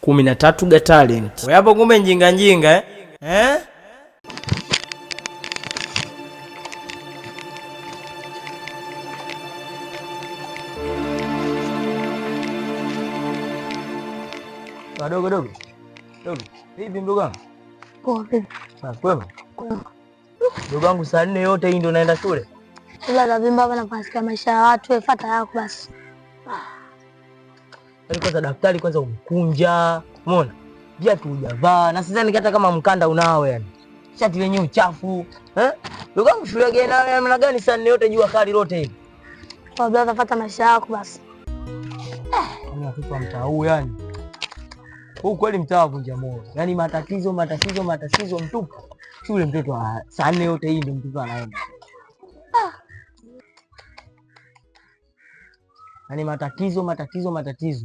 kumi na tatu ga talent. Wewe hapo kumbe njinga njinga eh? Eh? Wadogo ah, dogo. Dogo. Hivi mdogo wangu. Poa ah, Na kwema? Mdogo wangu saa nne yote hii ndio naenda shule. Kila lazima baba bana pasika maisha ya watu, eh, fuata yako basi. Ah. Yaani kwanza daftari kwanza umekunja, umeona? Viatu hujavaa na sidhani hata kama mkanda unao yani. Shati lenyewe uchafu. Eh? Ndugu shule gani na namna gani sana yote jua kali lote hili. Kwa brother fuata maisha yako basi. Eh, ni watoto wa mtaa huu yani. Huu kweli mtaa vunja moyo. Yaani matatizo matatizo matatizo mtupu. Shule mtoto saa nne yote hii ndio mtoto anaenda. ni matatizo matatizo matatizo.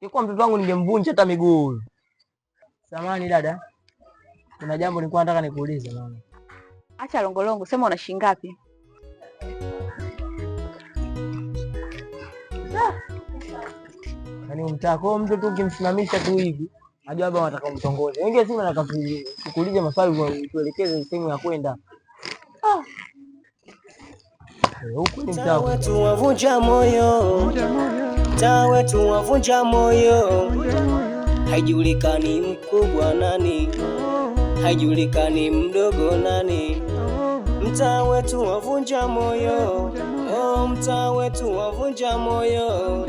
Ikuwa mtoto wangu ningemvunja hata miguu huyo. Samani dada. Kuna jambo nilikuwa nataka nikuulize mama. Acha longolongo, sema una shilingi ngapi? Yaani umtaka mtu tu ukimsimamisha tu hivi, najua baba anataka umtongoze. Wengine sima nataka kukuuliza maswali kuelekeza sehemu ya kwenda. Ah. Tawe tuwavunja moyo, tawe tuwavunja moyo, haijulikani mkubwa nani, haijulikani mdogo nani, mtaa wetu wavunja moyo, oh, mtaa wetu wavunja moyo,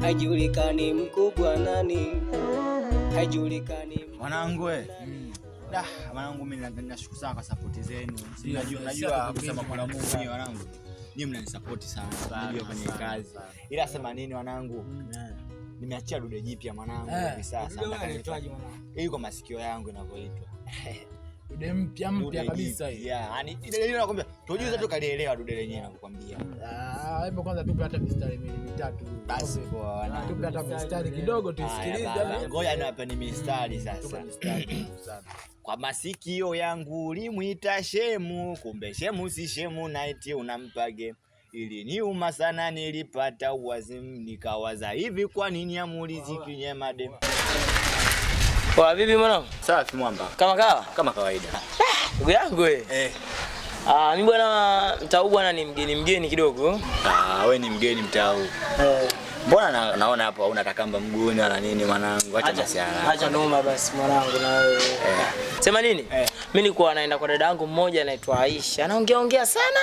haijulikani mkubwa nani, haijulikani mwanangu mwanangu, mimi nashukuru sana kwa support zenu. Sijui najua kusema kwa Mungu wanangu ni mnanisapoti sana kwenye kazi, ila sema nini wanangu, mm, nimeachia dude jipya mwanangu eh, hivi sasa, kwa masikio yangu inavyoitwa dude mpya mpya kabisa hii. Yaani nakwambia, tujuza ah. tu kalielewa dude lenyewe nakwambia. Ah, hebu kwanza tupe hata mistari miwili mitatu. Basi bwana. Tupe hata mistari kidogo tusikilize. Yaani, ngoja hapa ni mistari sasa. Kwa masikio yangu ulimwita shemu, kumbe shemu si shemu naiti game Ili niuma sana nilipata uwazimu nikawaza hivi kwa nini amuulizi kinyema demu. Poa vipi mwanangu? Safi mwamba. Kama kawa? Kama kawaida. Ah, Ndugu yangu wewe. Eh. Ah, mimi bwana mtau bwana ni mgeni mgeni kidogo. Ah, wewe ni mgeni mtau. Eh. Mbona na, naona hapo hauna takamba mguuni wala nini mwanangu? Acha basi. Acha noma basi mwanangu na wewe. Eh. Sema nini? Eh. Mimi nilikuwa naenda kwa dada yangu mmoja anaitwa Aisha. Anaongea ongea sana.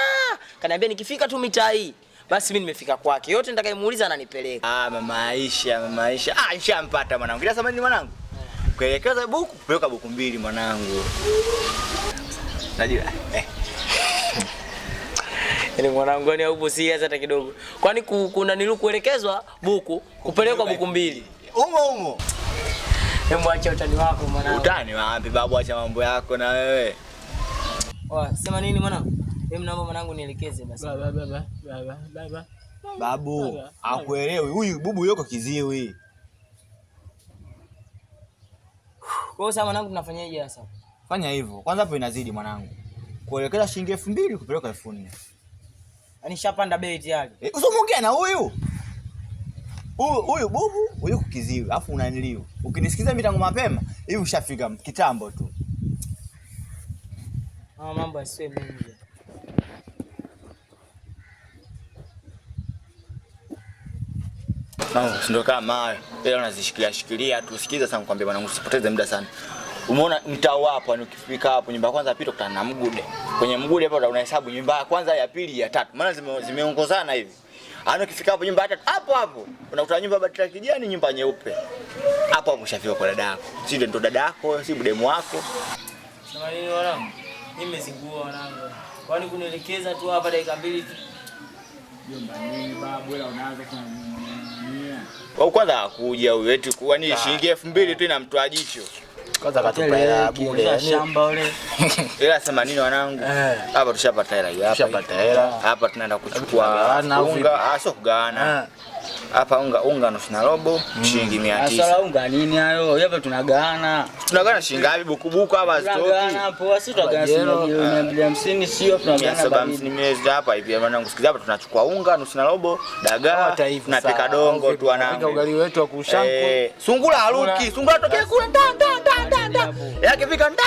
Kaniambia nikifika tu mitaa hii basi mimi nimefika kwake. Yote nitakayemuuliza ananipeleka. Ah, mama Aisha, mama Aisha. Ah, nishampata mwanangu. Ila samani mwanangu. Kuelekeza buku peleka buku mbili, mwanangu. Najua eh. Yaani mwanangu ni yaani haupo serious hata kidogo. Kwani kuna nilu kuelekezwa buku kupelekwa buku mbili. Umo umo. Hebu acha utani wako mwanangu. Utani wapi babu, acha mambo yako na wewe. Oh, sema nini mwanangu? Mimi naomba mwanangu nielekeze basi. Baba baba baba baba. Babu, akuelewi. Huyu bubu yuko kiziwi. Kwa hiyo sasa mwanangu, tunafanyaje sasa? Fanya hivyo kwanza, hapo inazidi mwanangu, kuelekeza shilingi elfu mbili kupeleka elfu nne Yaani shapanda bei tayari. Eh, usimuongea na huyu huyu huyu bubu huyu kukiziwi, afu unaniliu. Ukinisikiza mimi tangu mapema hivi, ushafika kitambo tu. Ah, mambo yasiwe mengi. Mwanangu, si ndio kama hayo. Ila unazishikilia shikilia tu. Sikiza sana nikwambia mwanangu, usipoteze muda sana. Umeona mtaa wapo, yani hapo nyumba ya kwanza pita kutana na mgude. Kwenye mgude hapo unahesabu nyumba ya kwanza, ya pili, ya tatu. Maana zimeongozana hivi. Ana yaani ukifika hapo nyumba ya hapo hapo unakuta nyumba bati la kijani, nyumba nyeupe. Hapo hapo ushafika kwa dada yako. Si ndio dada yako, si budemu wako. Sema nini wanangu? Nimezingua wanangu. Kwani kunielekeza tu hapa dakika mbili tu. Jomba nini babu, wewe unaanza kwa kwa kwanza hakuja huyu eti ni ah. shilingi elfu mbili tu inamtoa jicho. Kwanza katupa hela bure. Shamba ule. Hela 80 wanangu. Eh. Hapa tushapata hela hapa. Tushapata hela. Hapa tunaenda kuchukua unga, ah, sio kugawana. Eh hapa unga unga nusu na robo mm. shilingi 900. Ah, Sasa unga nini hayo? Hapa tunagana. Tunagana shilingi ngapi buku buku hapa stoki? Tunagana hapo sisi tunagana shilingi 250 sio tunagana. Sasa basi nimeweza hapa hivi maana ngusikiza hapa tunachukua unga nusu na robo, dagaa, oh, tunapika dongo tu ana. Ugali wetu wa kushanko. Eh, sungura haruki, sungula toke kule nda nda nda nda. Yake fika nda.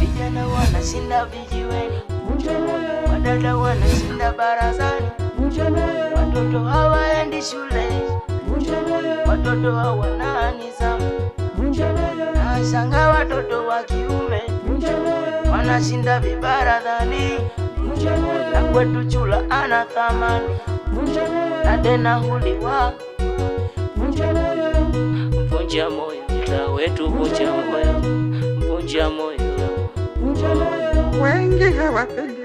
Vijana wanashinda vijiweni. Wadada wanashinda barazani. Watoto hawaendi shule, watoto hawana nidhamu. Nashanga watoto wa kiume wanashinda vibaradhani, na kwetu chula ana thamani na tena huliwa. Mvunja moyo mtaa wetu, vunja moyo, vunja moyo. Wengi hawapendi